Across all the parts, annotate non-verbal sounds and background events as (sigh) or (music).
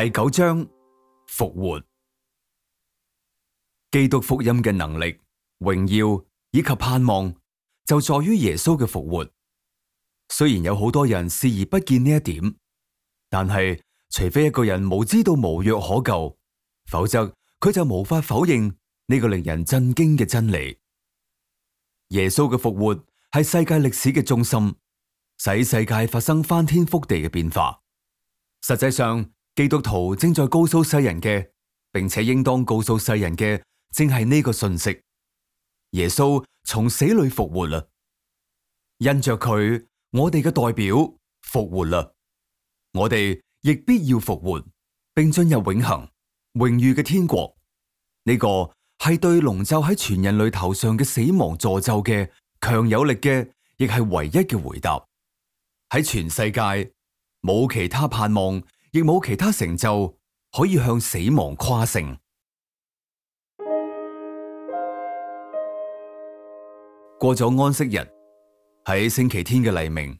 第九章復活，基督福音嘅能力、榮耀以及盼望，就在於耶穌嘅復活。雖然有好多人視而不見呢一點，但係除非一個人無知到無藥可救，否則佢就無法否認呢個令人震驚嘅真理。耶穌嘅復活係世界歷史嘅中心，使世界發生翻天覆地嘅變化。實際上，基督徒正在告訴世人嘅，並且應當告訴世人嘅，正係呢個信息：耶穌從死裏復活啦，因着佢，我哋嘅代表復活啦，我哋亦必要復活，並進入永恆、榮譽嘅天國。呢、這個係對籠罩喺全人類頭上嘅死亡詛咒嘅強有力嘅，亦係唯一嘅回答。喺全世界冇其他盼望，亦冇其他成就可以向死亡誇勝。 (music) 過咗安息日，喺星期天嘅黎明，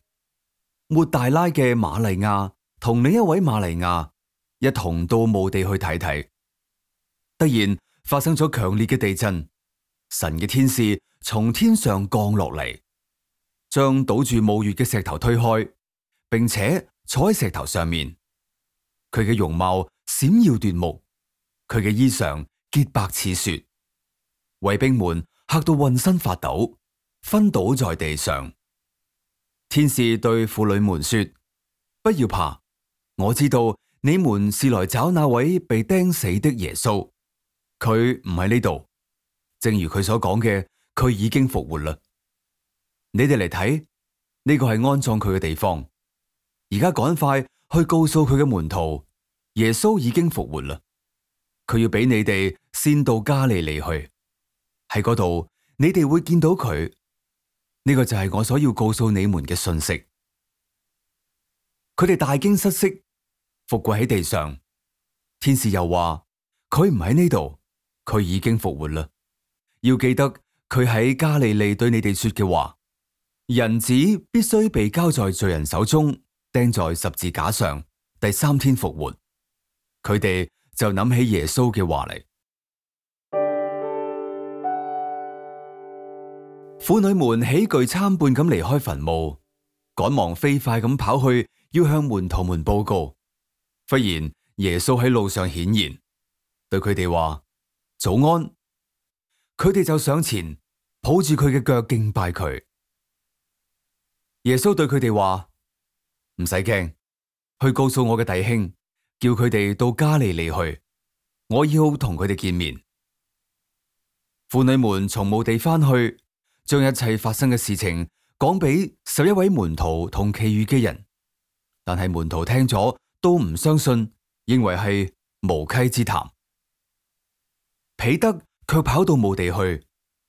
抹大拉嘅瑪利亞同另一位瑪利亞一同到墓地去睇睇。突然發生咗強烈嘅地震，神嘅天使從天上降落嚟，將堵住墓穴嘅石頭推開，並且坐喺石頭上面。佢嘅容貌閃耀奪目，佢嘅衣裳潔白似雪，衛兵們嚇到渾身發抖，昏倒在地上。天使對婦女們說：不要怕，我知道你們是來找那位被釘死的耶穌，佢唔喺呢度，正如佢所講嘅，佢已經復活啦。你哋嚟睇，呢個係安葬佢嘅地方，而家趕快。去告訴佢嘅門徒，耶穌已經復活啦。佢要俾你哋先到加利利去，喺嗰度你哋會見到佢。呢個就係我所要告訴你們嘅信息。佢哋大驚失色，伏跪喺地上。天使又話：佢唔喺呢度，佢已經復活啦。要記得佢喺加利利對你哋說嘅話：人子必須被交在罪人手中。釘在十字架上第三天復活，佢哋就諗起耶穌嘅話嚟。婦 (noise) 女們喜懼參半咁離開墳墓，趕忙飛快咁跑去，要向門徒們報告。忽然耶穌喺路上顯現，對佢哋話早安。佢哋就上前抱住佢嘅腳敬拜佢。耶穌對佢哋話。唔使驚，去告訴我嘅弟兄，叫佢哋到加利利去，我要同佢哋見面。婦女們從墓地翻去，將一切發生嘅事情講俾十一位門徒同其餘嘅人。但係門徒聽咗都唔相信，認為係無稽之談。彼得卻跑到墓地去，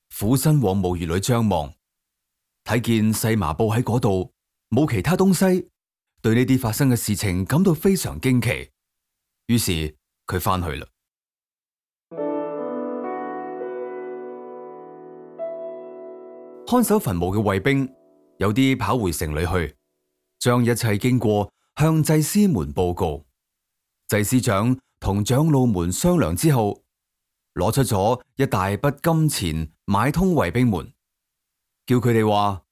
俯身往墓穴裏張望，睇見細麻布喺嗰度，冇其他東西。對呢啲發生嘅事情感到非常驚奇，於是佢翻去啦。看守墳墓嘅衛兵有啲跑回城裏去，將一切經過向祭司們報告。祭司長同長老們商量之後，攞出咗一大筆金錢買通衛兵們，叫佢哋話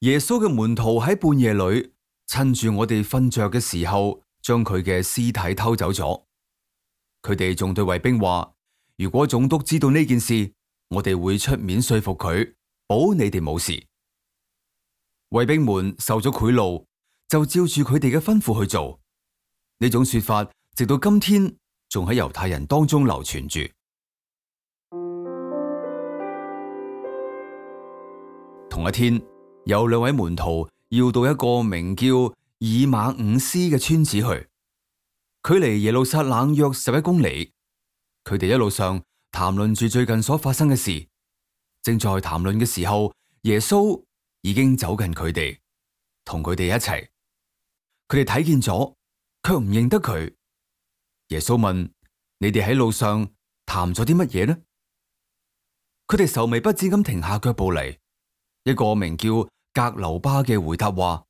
耶穌嘅門徒喺半夜裏，趁住我哋瞓着嘅時候，將佢嘅屍體偷走咗。佢哋仲對衛兵話：如果總督知道呢件事，我哋會出面說服佢，保你哋冇事。衛兵們受咗賄賂，就照住佢哋嘅吩咐去做。呢種說法直到今天仲喺猶太人當中流傳住。 (music) 同一天，有兩位門徒。要到一個名叫以馬五斯嘅村子去，距離耶路撒冷約十一公里。佢哋一路上談論住最近所發生嘅事。正在談論嘅時候，耶穌已經走近佢哋，同佢哋一齊。佢哋睇見咗，卻唔認得佢。耶穌問：你哋喺路上談咗啲乜嘢呢？佢哋愁眉不展咁停下腳步嚟。一個名叫……格留巴嘅回答話：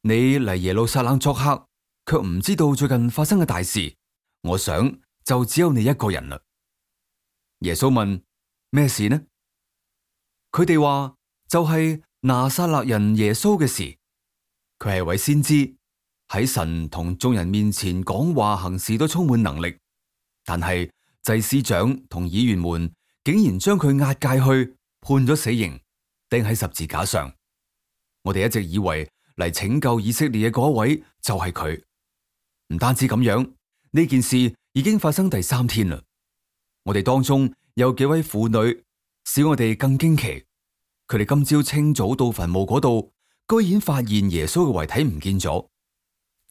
你嚟耶路撒冷作客，卻唔知道最近發生嘅大事。我想就只有你一個人啦。耶穌問咩事呢？佢哋話就係拿撒勒人耶穌嘅事。佢係位先知，喺神同眾人面前講話行事都充滿能力，但係祭司長同議員們竟然將佢押解去判咗死刑，釘喺十字架上。我哋一直以為嚟拯救以色列嘅嗰位就係佢，唔單止咁樣，呢件事已經發生第三天啦。我哋當中有幾位婦女使我哋更驚奇，佢哋今朝清早到墳墓嗰度，居然發現耶穌嘅遺體唔見咗。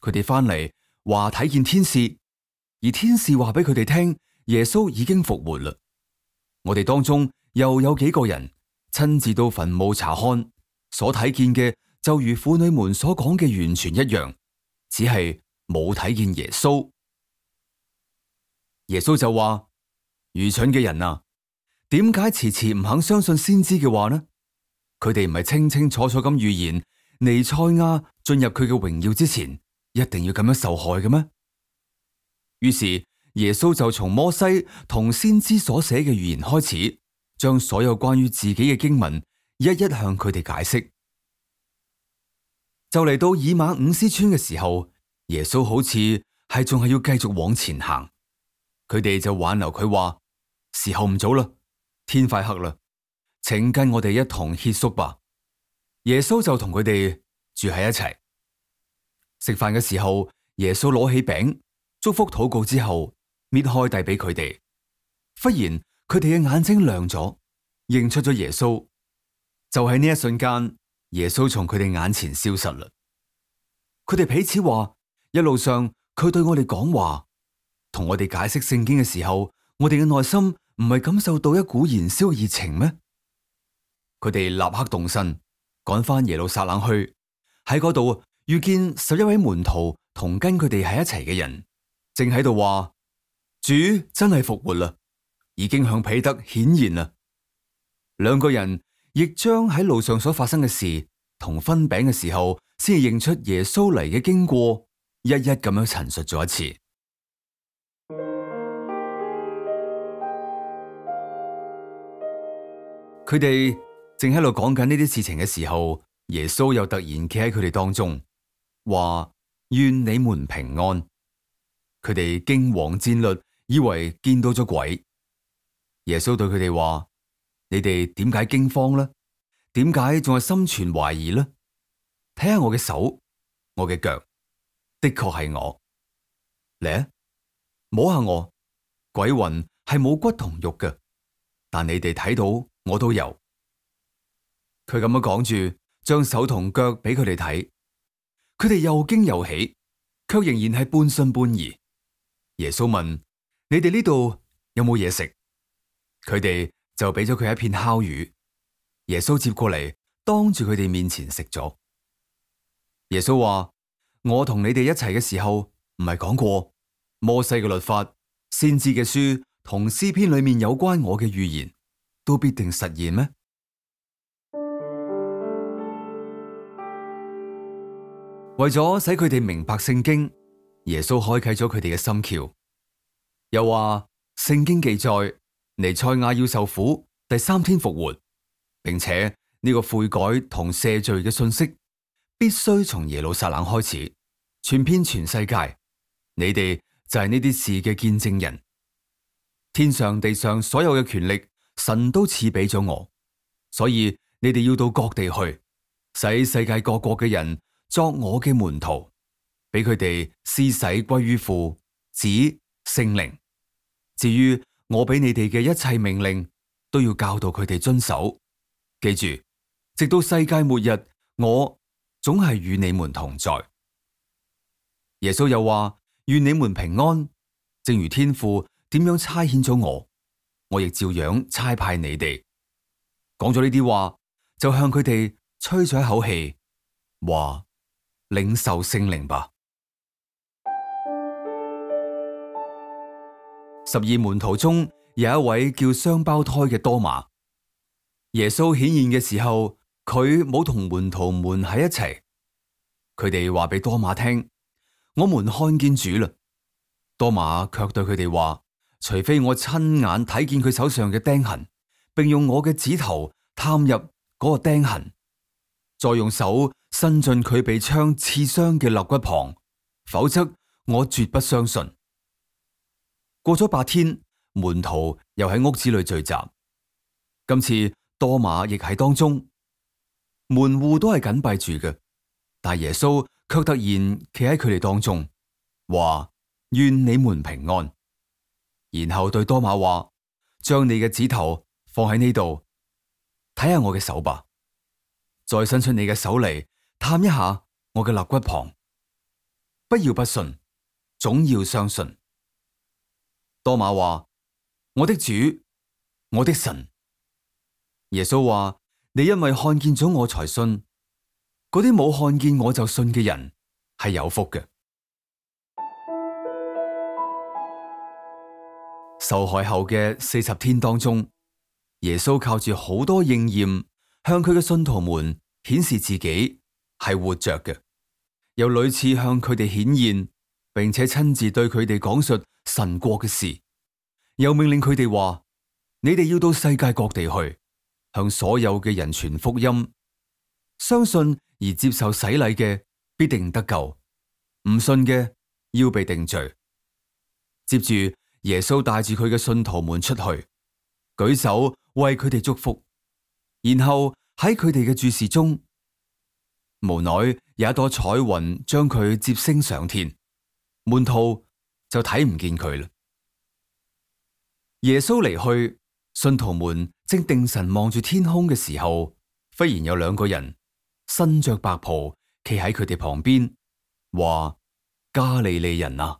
佢哋翻嚟話睇見天使，而天使話俾佢哋聽，耶穌已經復活啦。我哋當中又有幾個人親自到墳墓查看。所睇見嘅就如婦女們所講嘅完全一樣，只係冇睇見耶穌。耶穌就話：愚蠢嘅人啊，點解遲遲唔肯相信先知嘅話呢？佢哋唔係清清楚楚咁預言彌賽亞進入佢嘅榮耀之前，一定要咁樣受害嘅咩？於是耶穌就從摩西同先知所寫嘅預言開始，將所有關於自己嘅經文。一一向佢哋解釋，就嚟到以馬忤斯村嘅時候，耶穌好似係仲係要繼續往前行，佢哋就挽留佢話：時候唔早啦，天快黑啦，請跟我哋一同歇宿吧。耶穌就同佢哋住喺一齊。食飯嘅時候，耶穌攞起餅，祝福禱告之後，搣開遞俾佢哋。忽然，佢哋嘅眼睛亮咗，認出咗耶穌。就喺呢一瞬間，耶穌從佢哋眼前消失啦。佢哋彼此話：一路上佢對我哋講話，同我哋解釋聖經嘅時候，我哋嘅內心唔係感受到一股燃燒嘅熱情咩？佢哋立刻動身，趕返耶路撒冷去，喺嗰度遇見十一位門徒同跟佢哋喺一齊嘅人，正喺度話：主真係復活啦，已經向彼得顯現啦。兩個人。亦將喺路上所發生嘅事同分餅嘅時候，先係認出耶穌嚟嘅經過，一一咁樣陳述咗一次。佢哋 (noise) 正喺度講緊呢啲事情嘅時候，耶穌又突然企喺佢哋當中，話，願你們平安。佢哋驚惶戰慄，以為見到咗鬼。耶穌對佢哋話。你哋點解驚慌咧？點解仲係心存懷疑咧？睇下我嘅手，我嘅腳，的確係我。嚟啊！摸下我，鬼魂係冇骨同肉嘅，但你哋睇到我都有。佢咁樣講住，將手同腳俾佢哋睇，佢哋又驚又喜，卻仍然係半信半疑。耶穌問：你哋呢度有冇嘢食？佢哋。就俾咗佢一片烤魚，耶穌接過嚟，當住佢哋面前食咗。耶穌話：我同你哋一齊嘅時候，唔係講過摩西嘅律法、先知嘅書同詩篇裏面有關我嘅預言都必定實現咩？為咗使佢哋明白聖經，耶穌開啟咗佢哋嘅心竅，又話聖經記載。彌賽亞要受苦，第三天復活，並且呢、這個悔改同赦罪嘅信息，必須從耶路撒冷開始，傳遍全世界，你哋就係呢啲事嘅見證人。天上地上所有嘅權力，神都賜俾咗我，所以你哋要到各地去，使世界各國嘅人作我嘅門徒，俾佢哋施洗歸於父、子、聖靈。至於我俾你哋嘅一切命令，都要教導佢哋遵守。記住，直到世界末日，我總係與你們同在。耶穌又話：願你們平安，正如天父點樣差遣咗我，我亦照樣差派你哋。講咗呢啲話，就向佢哋吹咗一口氣，話：領受聖靈吧。十二門徒中有一位叫雙胞胎嘅多馬，耶穌顯現嘅時候，佢冇同門徒們喺一齊。佢哋話俾多馬聽：我們看見主啦。多馬卻對佢哋話：除非我親眼睇見佢手上嘅釘痕，並用我嘅指頭探入嗰個釘痕，再用手伸進佢被槍刺傷嘅肋骨旁，否則我絕不相信。過咗八天，門徒又喺屋子裏聚集。今次多馬亦喺當中，門戶都係緊閉住嘅，但耶穌卻突然企喺佢哋當中，話願你們平安。然後對多馬話：將你嘅指頭放喺呢度，睇下我嘅手吧；再伸出你嘅手嚟探一下我嘅肋骨旁。不要不信，總要相信。多馬話：我的主，我的神。耶穌話：你因為看見咗我才信，嗰啲冇看見我就信嘅人係有福嘅。受害後嘅四十天當中，耶穌靠住好多應驗向佢嘅信徒們顯示自己係活着嘅，又屢次向佢哋顯現。並且親自對佢哋講述神國嘅事，又命令佢哋話：你哋要到世界各地去，向所有嘅人傳福音。相信而接受洗禮嘅必定得救，唔信嘅要被定罪。接住耶穌帶住佢嘅信徒們出去，舉手為佢哋祝福，然後喺佢哋嘅注視中，無奈有一朵彩雲將佢接升上天。門徒就睇唔見佢啦。耶穌離去，信徒們正定神望住天空嘅時候，忽然有兩個人身着白袍，企喺佢哋旁邊，話：加利利人啊，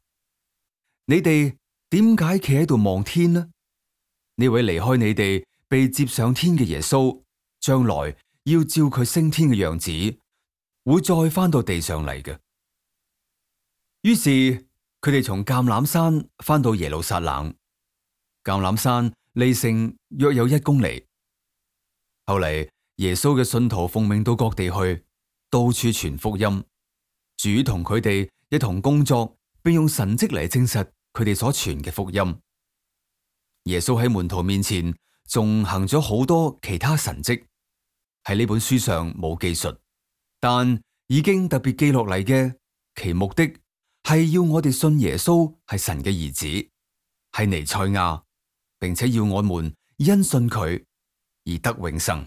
你哋點解企喺度望天呢？呢位離開你哋被接上天嘅耶穌，將來要照佢升天嘅樣子，會再翻到地上嚟嘅。於是佢哋從橄欖山翻到耶路撒冷。橄欖山離城約有一公里。後嚟耶穌嘅信徒奉命到各地去，到處傳福音。主同佢哋一同工作，並用神跡嚟證實佢哋所傳嘅福音。耶穌喺門徒面前仲行咗好多其他神跡，喺呢本書上冇記述，但已經特別記錄嚟嘅其目的係要我哋信耶穌，係神嘅兒子，係彌賽亞，並且要我們因信佢而得永生。